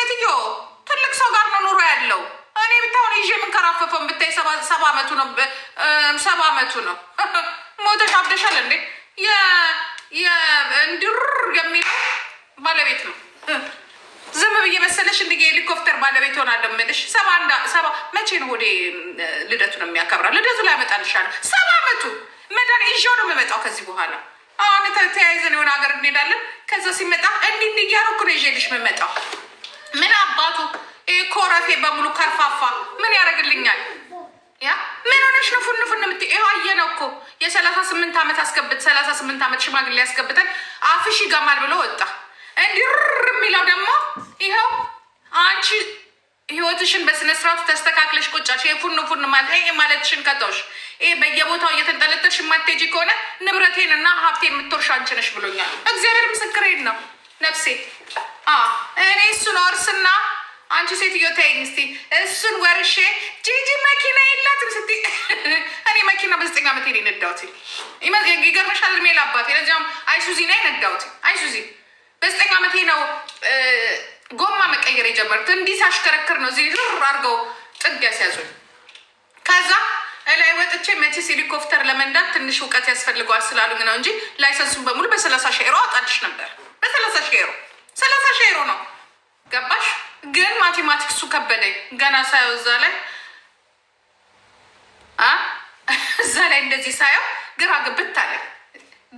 ሴትዮ ትልቅ ሰው ጋር ነው ኑሮ ያለው። እኔ ብታሁን ይዤ የምንከራፈፈውን ብታይ ሰባ አመቱ ነው ሰባ አመቱ ነው። ሞተሽ አብደሻል እንዴ? የእንድር የሚለው ባለቤት ነው። ዝም ብዬ መሰለሽ እንዲ ሄሊኮፕተር ባለቤት ሆናለሁ የምልሽ። ሰባ ሰባ መቼ ነው ወደ ልደቱ ነው የሚያከብራል። ልደቱ ላይ ያመጣልሻለሁ። ሰባ አመቱ መዳን ይዤው ነው የምመጣው ከዚህ በኋላ አሁን ተያይዘን የሆነ ሀገር እንሄዳለን። ከዛ ሲመጣ እንዲህ እንዲህ እያደረኩ ነው ይዤልሽ የምመጣው። ምን አባቱ ይህ ኮረፌ በሙሉ ከርፋፋ ምን ያደርግልኛል? ያ ምን ሆነሽ ነው ፉን ፉን ይኸው አየነው እኮ የሰላሳ ስምንት ዓመት አስገብት ሰላሳ ስምንት ዓመት ሽማግሌ ያስገብተን አፍሽ ይገማል ብሎ ወጣ። እንዲር የሚለው ደግሞ ይኸው አንቺ ህይወትሽን በስነስርዓቱ ተስተካክለሽ ቁጫሽ ፉን ፉን ማለትሽን ከተውሽ ይሄ በየቦታው እየተንጠለጠልሽ የማትሄጂ ከሆነ ንብረቴን እና ሀብቴን የምትወርሽ አንቺ ነሽ ብሎኛል። እግዚአብሔር ምስክሬን ነው ነፍሴ እኔ እሱን ወርስና አንቺ ሴትዮ ተይኝ እስቲ እሱን ወርሼ ጂጂ መኪና የላትም ስቲ እኔ መኪና በዘጠኝ ዓመት ሄ ነዳውት ይገርመሻል። እድሜ ላባት ለዚም አይሱዚ ና ነዳውት አይሱዚ በዘጠኝ ዓመቴ ነው ጎማ መቀየር የጀመሩት። እንዲህ ሳሽከረክር ነው እዚህ ር አድርገው ጥግ ያስያዙኝ። ከዛ እላይ ወጥቼ መቼስ ሄሊኮፕተር ለመንዳት ትንሽ እውቀት ያስፈልገዋል ስላሉኝ ነው እንጂ ላይሰንሱን በሙሉ በሰላሳ ሺህ ሮ አጣድሽ ነበር በሰላሳ ሺህ ሮ ሰላሳ ሺህ ዩሮ ነው። ገባሽ? ግን ማቴማቲክሱ ከበደኝ ገና ሳየው እዛ ላይ እዛ ላይ እንደዚህ ሳየው ግራ ግብት አለ።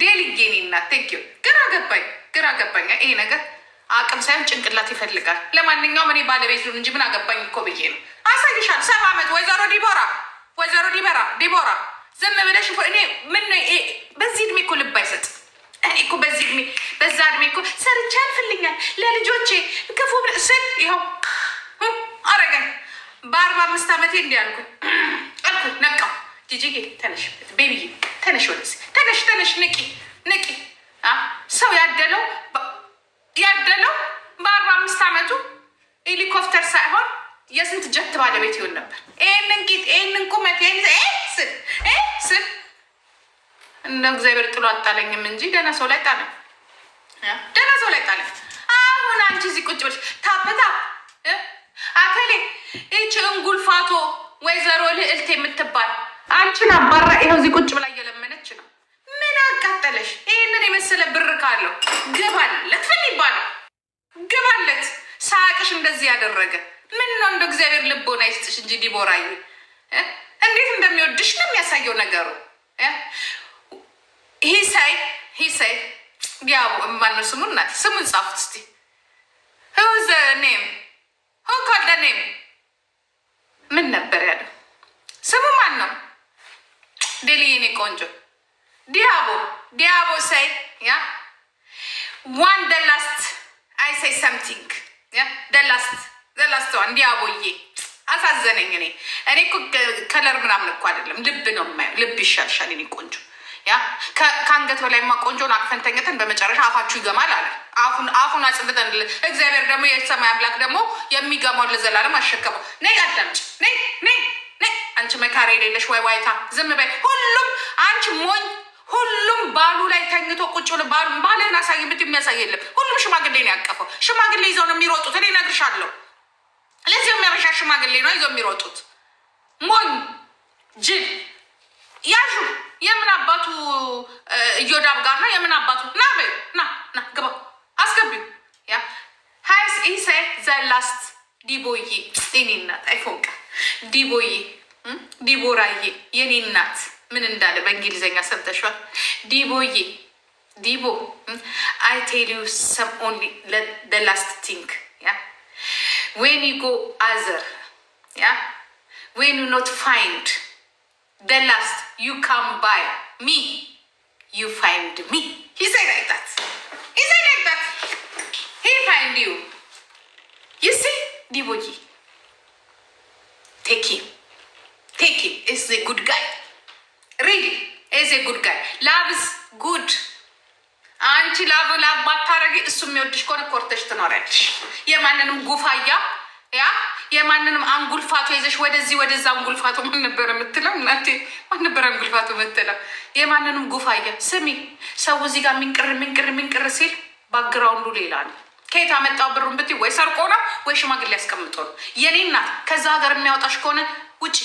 ዴሊ ጌኒና ቴንኪዩ ግራ ገባኝ፣ ግራ ገባኝ። ይሄ ነገር አቅም ሳይሆን ጭንቅላት ይፈልጋል። ለማንኛውም እኔ ባለቤት ሉን እንጂ ምን አገባኝ እኮ ብዬ ነው። አሳይሻል። ሰባ ዓመት ወይዘሮ ዲቦራ ወይዘሮ ዲበራ ዲቦራ ዝም ብለሽ እኔ ምን በዚህ እድሜ እኮ ልብ አይሰጥ እኔ እኮ በዚህ እድሜ በዛ እድሜ እኮ ሰርቼ ያልፍልኛል ለልጆቼ ክፉ ስል ይኸው አረገን በአርባ አምስት ዓመቴ እንዲህ አልኩኝ አልኩኝ ነቃው ጂጂጌ ተነሽ፣ ቤቢዬ ተነሽ፣ ወደስ ተነሽ፣ ተነሽ፣ ንቂ፣ ንቂ። ሰው ያደለው ያደለው በአርባ አምስት ዓመቱ ሄሊኮፕተር ሳይሆን የስንት ጀት ባለቤት ይሆን ነበር። ይህንን ቂጥ፣ ይህንን ቁመት፣ ይህን ስል ስል እንደ እግዚአብሔር ጥሎ አጣለኝም እንጂ ደህና ሰው ላይ ጣለ፣ ደህና ሰው ላይ ጣለ። አሁን አንቺ እዚህ ቁጭ ብለሽ ታበታ አከሌ ይቺ እንጉልፋቶ ወይዘሮ ልዕልት የምትባል አንቺን አባራ ይኸው እዚህ ቁጭ ብላ እየለመነች ነው። ምን አቃጠለሽ? ይህንን የመሰለ ብር ካለው ግባለት፣ ምን ይባላል? ግባለት። ሳቅሽ እንደዚህ ያደረገ ምን ነው? እንደ እግዚአብሔር ልቦና ይስጥሽ እንጂ ዲቦራዬ፣ እንዴት እንደሚወድሽ ነው የሚያሳየው ነገሩ። ሂሳይ ሂሳይ ያው ማነው ስሙ? እናት ስሙን ጻፉት እስቲ። ሁ ኔም ሁ ኔም ምን ነበር ያለው? ስሙ ማን ነው? ዴሊ የኔ ቆንጆ ዲያቦ ዲያቦ ሳይ ያ ዋን ደ ላስት አይ ሳይ ሰምቲንግ ያ ደ ላስት ደ ላስት ዋን ዲያቦዬ አሳዘነኝ። እኔ እኔ እኮ ከለር ምናምን እኮ አይደለም ልብ ነው የማየው። ልብ ይሻልሻል የኔ ቆንጆ ያ ከአንገት በላይ ቆንጆን አቅፈን ተኝተን በመጨረሻ አፋችሁ ይገማል አለ። አፉን አፉን አጽንተን እግዚአብሔር ደግሞ የሰማይ አምላክ ደግሞ የሚገማውን ለዘላለም አሸከመው። ነይ አዳምጭ፣ ነይ ነይ ነይ፣ አንቺ መካሪ የሌለሽ ወይ ዋይታ ዝም በይ። ሁሉም አንቺ ሞኝ፣ ሁሉም ባሉ ላይ ተኝቶ ቁጭ ብሎ ባሉ ባልህን አሳይ ምት የሚያሳይ የለም። ሁሉም ሽማግሌ ነው ያቀፈው። ሽማግሌ ይዘው ነው የሚሮጡት። እኔ እነግርሻለሁ፣ ለዚህ የሚያበሻ ሽማግሌ ነው ይዘው የሚሮጡት። ሞኝ ጅል ያሹ የምን አባቱ እዮዳብ ጋር ነው? የምን አባቱ ና በይ ና ና ግባ አስገቢው። ያ ሀይስ ኢሴ ዘላስት ዲቦዬ የኔ እናት አይፎንቀ ዲቦዬ ዲቦራዬ የኔ እናት ምን እንዳለ በእንግሊዝኛ ሰምተሸዋል? ዲቦዬ ዲቦ አይ ቴል ዩ ሰም ኦንሊ ዘ ላስት ቲንግ ያ ዌን ዩ ጎ አዘር ያ ዌን ዩ ኖት ፋይንድ the last you come by me you find me he said like that he said like that he find you you see diboji take him take him is a good guy really is a good guy loves good አንቺ ላቭ ላቭ ባታረጊ እሱ የሚወድሽ ከሆነ ኮርተሽ ትኖሪያለሽ የማንንም ጉፋያ ያ የማንንም አንጉልፋቶ ይዘሽ ወደዚህ ወደዛ አንጉልፋቶ ምን ነበረ የምትለው? እናቴ ማን ነበረ አንጉልፋቶ የምትለው? የማንንም ጉፋያ ስሚ። ሰው እዚህ ጋር ሚንቅር ሚንቅር ሚንቅር ሲል ባግራውንዱ ሌላ ነው። ከየት አመጣው ብሩን ብትይ፣ ወይ ሰርቆ ነው ወይ ሽማግሌ ያስቀምጦ ነው። የኔ እናት ከዛ ሀገር የሚያወጣሽ ከሆነ ውጭ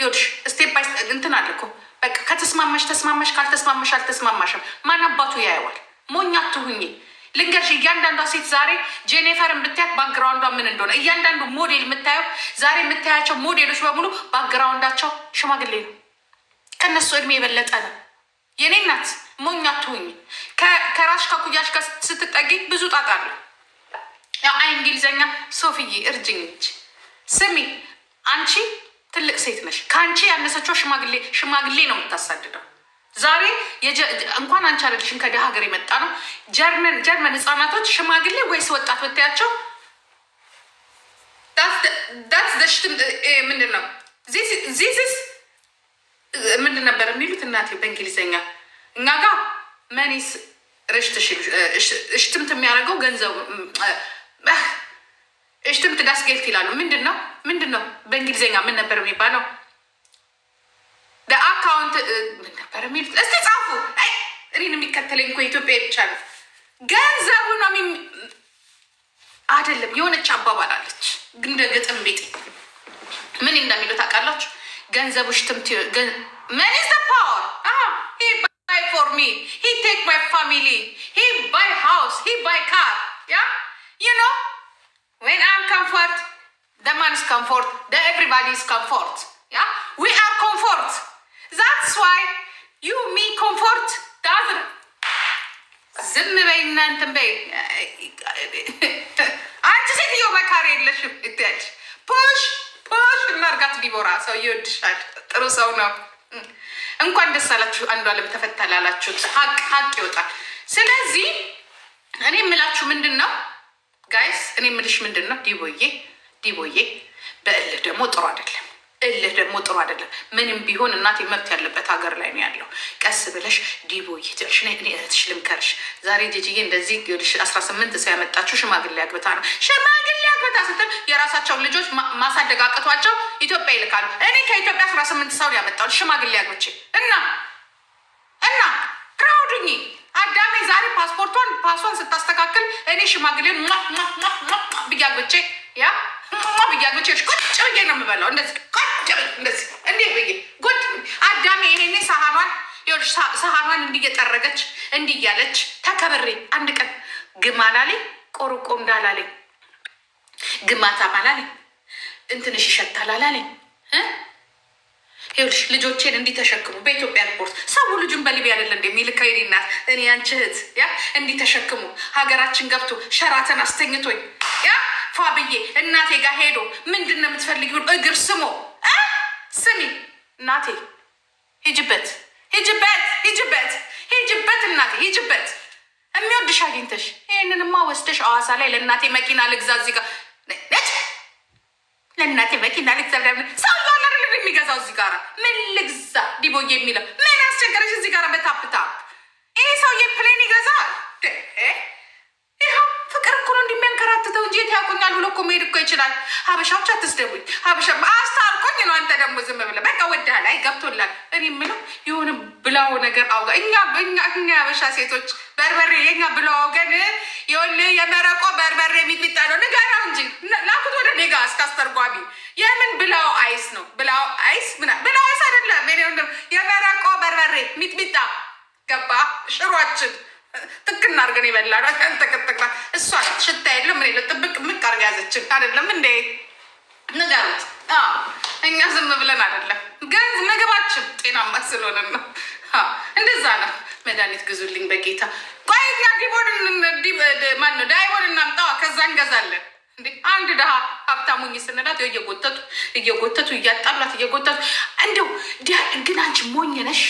ይኸውልሽ፣ ስቴፕ ባይ ስቴፕ እንትን አለ እኮ በቃ ከተስማማሽ ተስማማሽ፣ ካልተስማማሽ አልተስማማሽም። ማን አባቱ ያየዋል? ሞኛ አትሁኝ። ልንገርሽ እያንዳንዷ ሴት ዛሬ ጄኔፈር የምታያት ባክግራውንዷ ምን እንደሆነ እያንዳንዱ ሞዴል የምታየው ዛሬ የምታያቸው ሞዴሎች በሙሉ ባክግራውንዳቸው ሽማግሌ ነው። ከእነሱ እድሜ የበለጠ ነው። የኔ እናት ሞኛ ትሁኝ። ከራሽ ከኩያሽ ጋር ስትጠጊ ብዙ ጣጣ አለ። አይ እንግሊዘኛ ሶፍዬ እርጅኝች። ስሚ አንቺ ትልቅ ሴት ነሽ። ከአንቺ ያነሰችው ሽማግሌ ሽማግሌ ነው የምታሳድደው ዛሬ እንኳን አንቺ አይደለሽም ከደሃ ሀገር የመጣ ነው። ጀርመን ህፃናቶች ሽማግሌ ወይስ ወጣት ብታያቸው eh, ምንድን ነው ዚስ ምንድን ነበር የሚሉት እናቴ በእንግሊዝኛ እኛ ጋር መኒስ ርሽት እሽትምት eh, የሚያደርገው ገንዘቡ እሽትምት ዳስጌልት ይላሉ። ምንድን ነው ምንድን ነው በእንግሊዝኛ ምን ነበር የሚባለው? አካውንት ነበር የሚሉት። እስቲ ጻፉ። እኔን የሚከተለኝ እኮ ኢትዮጵያ ብቻ ነው። ገንዘቡ ነው አይደለም። የሆነች አባባል አለች፣ ግን እንደ ግጥም ቤጤ ምን እንደሚሉት አውቃላችሁ? ገንዘቡሽ ትምት መን ኢዝ ዘ ፓወር ሂ ባይ ፎር ሚ ሂ ቴክ ማይ ፋሚሊ ሂ ባይ ሃውስ ሂ ባይ ካር ያ ዩ ኖ ዌን አም ኮምፎርት ዘ ማንስ ኮምፎርት ዘ ኤቭሪባዲ ኢዝ ኮምፎርት ያ ዊ አር ኮምፎርት ዛትስ ዋይ ዩ ሚ ኮምፎርት ዳዝር ዝም በይ እናንትን በይ አንቺ ሴትዮ መካሪ የለሽም ትያለሽ። ፑሽ ፑሽ እናርጋት ዲቦራ ሰው ይወድሻል። ጥሩ ሰው ነው። እንኳን ደስ አላችሁ። አንዱ አለም ተፈታላላችሁት ሀቅ ሀቅ ይወጣል። ስለዚህ እኔ የምላችሁ ምንድን ነው ጋይስ፣ እኔ የምልሽ ምንድን ነው ዲቦዬ ዲቦዬ፣ በእልህ ደግሞ ጥሩ አይደለም። እልህ ደግሞ ጥሩ አይደለም። ምንም ቢሆን እናቴ መብት ያለበት ሀገር ላይ ነው ያለው። ቀስ ብለሽ ዲቦ ይትልሽ እኔ እህትሽ ልምከርሽ። ዛሬ ጅጅዬ እንደዚህ አስራ ስምንት ሰው ያመጣችው ሽማግሌ አግብታ ነው። ሽማግሌ አግብታ ስትል የራሳቸውን ልጆች ማሳደግ አቅቷቸው ኢትዮጵያ ይልካሉ። እኔ ከኢትዮጵያ አስራ ስምንት ሰው ያመጣው ሽማግሌ አግብቼ እና እና ክራውድኝ አዳሜ ዛሬ ፓስፖርቷን ፓሷን ስታስተካክል እኔ ሽማግሌን ብዬ አግብቼ ያ ብዬ አግብቼ ቁጭ ብዬ ነው የምበላው እንደዚህ ቁጭ ብል እንደዚህ እንዴ ብዬ ጉድ አዳሜ ይሄኔ ሰሃኗን ሰሃኗን እንዲየጠረገች እንዲያለች ተከብሬ አንድ ቀን ግም አላለኝ፣ ቆርቆ እንዳላለኝ ግማታም አላለኝ፣ እንትንሽ ይሸታል አላለኝ። ይኸውልሽ ልጆቼን እንዲተሸክሙ በኢትዮጵያ ሪፖርት ሰው ልጁን በሊቢያ አይደለ እንደሚልካ ይናት እኔ አንቺ እህት ያ እንዲተሸክሙ ሀገራችን ገብቶ ሸራተን አስተኝቶኝ ያ ፏ ብዬ እናቴ ጋር ሄዶ ምንድን ነው የምትፈልጊውን እግር ስሞ ስሚ እናቴ ሂጅበት ሂጅበት ሂጅበት ሂጅበት እናቴ ሂጅበት። የሚወድሽ አግኝተሽ ይህንንማ ወስደሽ አዋሳ ላይ ለእናቴ መኪና ልግዛ እዚህ ጋር ለእናቴ መኪና ልግዛ ሰው ዶላር የሚገዛው እዚህ ጋር ምን ልግዛ ዲቦዬ የሚለው ምን አስቸገረሽ? እዚህ ጋር በታፕታፕ ይሄ ሰውዬ ፕሌን ይገዛል። ፍቅር እኮ ነው እንደሚያንከራትተው እንጂ የት ያውቁኛል ብሎ እኮ መሄድ እኮ ይችላል። ሀበሻዎች አትስደቡኝ። ሀበሻ አስታርቆኝ ነው። አንተ ደግሞ ዝም ብለህ በቃ ወዳህል። ላይ ገብቶላል። እኔ የምለው የሆነ ብላው ነገር አውጋ እኛ እኛ እኛ ሀበሻ ሴቶች በርበሬ የኛ ብላው አውገን የሆነ የመረቆ በርበሬ የሚጥሚጣ ነው ንገራው እንጂ ላኩት ወደ ኔጋ እስካስተርጓሚ የምን ብላው አይስ ነው ብላው አይስ ምና ብላው አይስ አይደለም የመረቆ በርበሬ ሚጥሚጣ ገባ ሽሯችን ጥቅ እናርገን የበላ ተከተክታ እሷ ሽታ የለም ምን የለ ጥብቅ ምቅ አድርጋ ያዘችን። አይደለም እንዴ ንገሩት። እኛ ዝም ብለን አደለም፣ ግን ምግባችን ጤናማ ስለሆነ ነው። እንደዛ ነው። መድኃኒት ግዙልኝ በጌታ ቆይኛ ዲቦን ማነ ዳይቦን እናምጣዋ፣ ከዛ እንገዛለን። እንዴ አንድ ድሀ ሀብታሙኝ ስንላት እየጎተቱ እየጎተቱ እያጣሏት እየጎተቱ እንደው ግን አንቺ ሞኝ ነሽ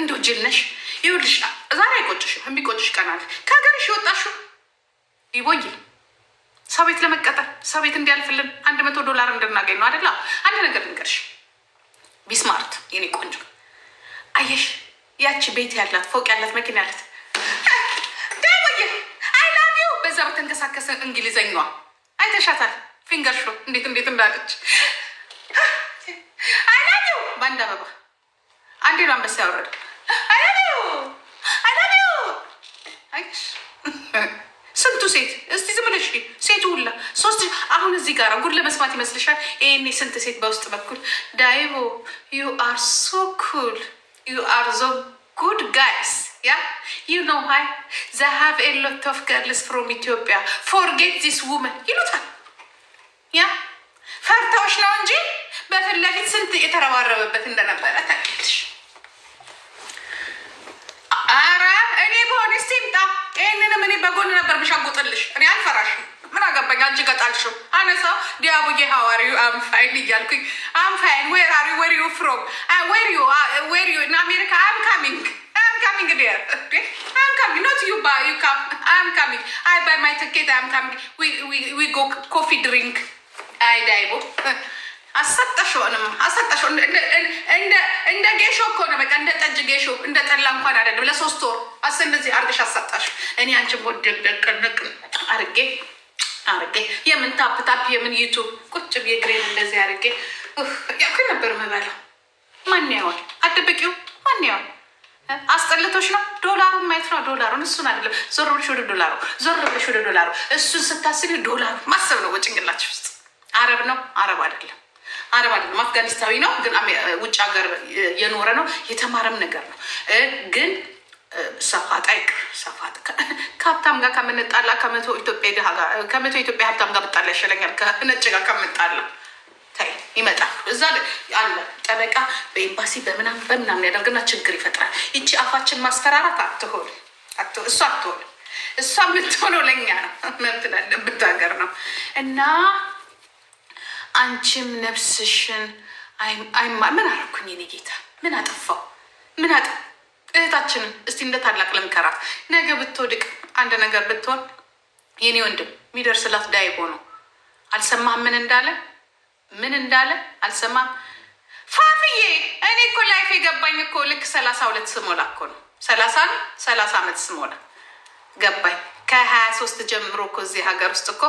እንደው ጅል ነሽ ይኸውልሽ ዛሬ አይቆጭሽም፣ የሚቆጭሽ ቀናል። ከሀገርሽ የወጣሽው ይቦይ ሰው ቤት ለመቀጠር ሰው ቤት እንዲያልፍልን አንድ መቶ ዶላር እንድናገኝ ነው አደላ። አንድ ነገር ልንገርሽ፣ ቢስማርት የኔ ቆንጆ፣ አየሽ ያቺ ቤት ያላት ፎቅ ያላት መኪና ያላት ደሞየ አይላቪው በዛ በተንቀሳቀሰ እንግሊዘኛዋ አይተሻታል። ፊንገር ሾ እንዴት እንዴት እንዳለች አይላቪው በአንድ አበባ አንዴ ነው አንበሳ ያወረደ አይሽ ስንቱ ሴት እስቲ ዝም ብለሽ ሴቱ ሁላ ሶስት አሁን እዚህ ጋር ጉድ ለመስማት ይመስልሻል? ይሄኔ ስንት ሴት በውስጥ በኩል ዳይቦ ዩ አር ሶ ኩል ዩ አር ዞ ጉድ ጋይስ ያ ዩ ኖ ሃይ ዘ ሃቭ ኤ ሎት ኦፍ ገርልስ ፍሮም ኢትዮጵያ ፎርጌት ዚስ ውመን ይሉታል። ያ ፈርታዎች ነው እንጂ በፊት ለፊት ስንት የተረባረበበት እንደነበረ ታውቂያለሽ። ቴክስት ይምጣ። ይህንንም እኔ በጎን ነበር ብሻጎጥልሽ። እኔ አልፈራሽም። ምን አገባኝ? አንቺ ገጣልሽው አነሳው ዲያቡጌ ሀዋሪዩ አምፋይን እያልኩኝ አምፋይን ዌር አር ዩ ዌር ዩ ፍሮም ዌር ዩ ዌር ዩ ኢን አሜሪካ አም ካሚንግ አም ካሚንግ ዴር አም ካሚንግ ኖት ዩ ባ ዩ ካም አም ካሚንግ አይ ባይ ማይ ትኬት አም ካሚንግ ዊ ጎ ኮፊ ድሪንክ አይ ዳይቦ አሰጠሽውንም አሰጠሽው እንደ ጌሾ እኮ ነው። በቃ እንደ ጠጅ ጌሾ እንደ ጠላ እንኳን አይደለም። ለሶስት ወር አስ እንደዚህ አርገሽ አሳጣሽ። እኔ አንቺ ወደቅ ደቅንቅ አርጌ አርጌ የምን ታፕታፕ የምን ዩቱብ ቁጭ ብዬ ግሬን እንደዚህ አርጌ ያኩኝ ነበር የምበላው። ማን ያዋል አደበቂው ማን ያዋል አስጠልቶች ነው። ዶላሩን ማየት ነው። ዶላሩን እሱን አይደለም። ዞር ብለሽ ወደ ዶላሩ፣ ዞር ብለሽ ወደ ዶላሩ። እሱን ስታስቢ ዶላሩ ማሰብ ነው። ወጭንቅላችሁ ውስጥ አረብ ነው። አረብ አይደለም። አረብ አይደለም አፍጋኒስታዊ ነው፣ ግን ውጭ ሀገር የኖረ ነው። የተማረም ነገር ነው። ግን ሰፋጣይቅ ሰፋጥ ከሀብታም ጋር ከምንጣላ ከመቶ ኢትዮጵያ ድሃ ጋር ከመቶ ኢትዮጵያ ሀብታም ጋር ብጣላ ይሻለኛል ከነጭ ጋር ከምጣላ ይመጣል እዛ አለ ጠበቃ በኤምባሲ በምናም በምናምን ያደርግና ችግር ይፈጥራል። ይቺ አፋችን ማስፈራራት አትሆን እሷ አትሆን እሷ የምትሆነው ለኛ ነው። መብት ላለበት ሀገር ነው እና አንቺም ነፍስሽን አይማ ምን አረኩኝ? የኔ ጌታ ምን አጠፋው? ምን አጠ እህታችንን እስቲ እንደ ታላቅ ልምከራት። ነገ ብትወድቅ አንድ ነገር ብትሆን የኔ ወንድም የሚደርስላት ዳይቦ ነው። አልሰማህም? ምን እንዳለ ምን እንዳለ አልሰማህም? ፋፍዬ እኔ እኮ ላይፍ የገባኝ እኮ ልክ ሰላሳ ሁለት ስሞላ እኮ ነው። ሰላሳ ነው ሰላሳ ዓመት ስሞላ ገባኝ። ከሀያ ሶስት ጀምሮ እኮ እዚህ ሀገር ውስጥ እኮ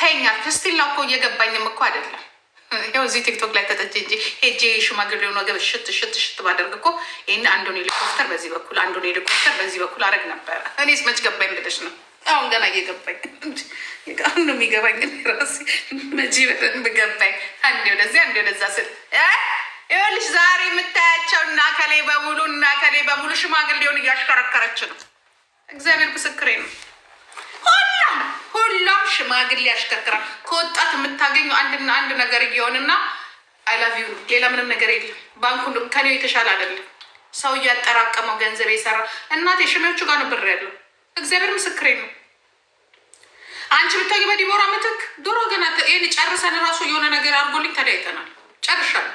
ተኛ ስቲል ነው እኮ እየገባኝም እኮ አይደለም። ያው እዚህ ቲክቶክ ላይ ተጠጭ እንጂ ሄጄ ሽማግሌውን ወገብ ሽት ሽት ሽት ባደርግ እኮ ይህን አንዱን ሄሊኮፕተር በዚህ በኩል አንዱን ሄሊኮፕተር በዚህ በኩል አረግ ነበረ። እኔስ መች ገባኝ ብለሽ ነው? አሁን ገና እየገባኝ አሁን ነው የሚገባኝ ራሴ መቼ በደንብ ገባኝ። አንዴ ወደዚህ አንዴ ወደዛ ስል ይኸውልሽ፣ ዛሬ የምታያቸው እና ከሌ በሙሉ እና ከሌ በሙሉ ሽማግሌውን እያሽከረከረች ነው። እግዚአብሔር ምስክሬ ነው። ሁሉም ሽማግሌ ያሽከርክራል። ከወጣት የምታገኙ አንድና አንድ ነገር እየሆንና አይላቪዩ ነው። ሌላ ምንም ነገር የለም። ባንኩ ከኔው የተሻለ አይደለም። ሰው እያጠራቀመው ገንዘብ የሰራ እናቴ ሽሜዎቹ ጋር ነው ብር ያለው። እግዚአብሔር ምስክሬ ነው። አንቺ ብታኝ በዲቦራ ምትክ ዶሮ ገና ይህን ጨርሰን ራሱ የሆነ ነገር አድርጎልኝ ተለያይተናል። ጨርሻል።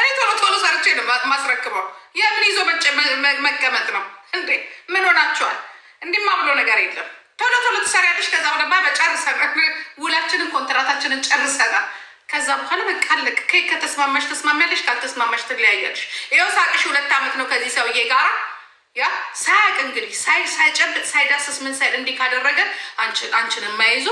እኔ ቶሎ ቶሎ ሰርቼ ነው ማስረክበው። የምን ይዞ መቀመጥ ነው እንዴ? ምን ሆናቸዋል? እንዲማ ብሎ ነገር የለም። ቶሎ ቶሎ ትሰሪያለሽ። ከዛ በኋላ በጨርሰናል፣ ውላችንን ኮንትራታችንን ጨርሰናል። ከዛ በኋላ በቃ አለቅ። ከይ ከተስማማሽ ተስማሚያለሽ፣ ካልተስማማሽ ትለያያለሽ። ይኸው ሳቅሽ ሁለት ዓመት ነው ከዚህ ሰውዬ ጋር ያ ሳያቅ እንግዲህ ሳይጨብጥ ሳይዳስስ ምን ሳይል እንዲህ ካደረገ አንቺን የማይዙ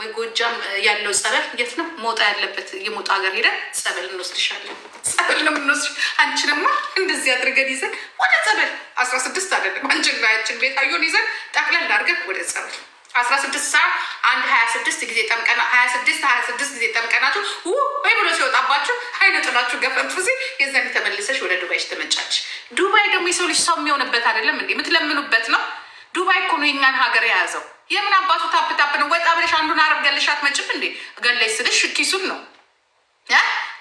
ወይ ጎጃም ያለው ጸበል የት ነው መውጣ ያለበት? የሞጣ ሀገር ሄደን ጸበል እንወስድሻለን። ጸበል ነው የምንወስድ። አንቺንማ እንደዚህ አድርገን ይዘን ወደ ጸበል አስራ ስድስት አይደለም አንቺና ያችን ቤታዮን ይዘን ጠቅለል አድርገን ወደ ጸበል አስራ ስድስት ሰዓት አንድ ሀያ ስድስት ጊዜ ጠምቀና ሀያ ስድስት ሀያ ስድስት ጊዜ ጠምቀናችሁ ወይ ብሎ ሲወጣባችሁ ሀይነ ጥላችሁ ገፈን ጊዜ የዛን ተመልሰሽ ወደ ዱባይ ተመጫች። ዱባይ ደግሞ የሰው ልጅ ሰው የሚሆንበት አይደለም እንዴ? የምትለምኑበት ነው። ዱባይ እኮ ነው የኛን ሀገር የያዘው የምን አባቱ ታፕታፕ ነው? ወጣ ብለሽ አንዱን አረብ ገለሻት መጭም እንዴ ገለሽ ስልሽ ኪሱን ነው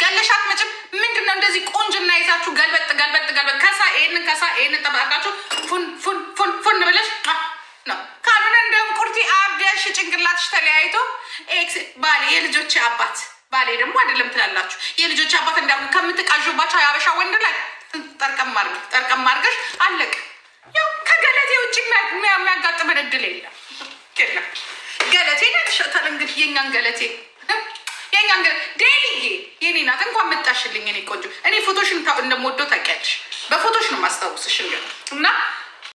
ገለሻት መጭም ምንድን ነው? እንደዚህ ቆንጅና ይዛችሁ ገልበጥ ገልበጥ ገልበጥ ከሳ ይህንን ከሳ ይህንን ጠባቃችሁ ፉን ፉን ፉን ፉን ብለሽ ነው ካልሆነ እንደውም ቁርቲ አብደሽ ጭንቅላትሽ ተለያይቶ ባሌ የልጆች አባት ባሌ ደግሞ አይደለም ትላላችሁ። የልጆች አባት እንዳ ከምትቃዥባቸው የአበሻ ወንድ ላይ ጠርቀም አድርገሽ አለቅ። ያው ከገለቴ ውጭ የሚያጋጥመን እድል የለም። ገለቴ ነሻታል። እንግዲህ የኛን ገለቴ የኛን ዴሊዬ የኔ ናት። እንኳን መጣሽልኝ የኔ ቆንጆ። እኔ ፎቶሽን እንደምወደው ታውቂያለሽ። በፎቶሽ ነው ማስታውስሽ እና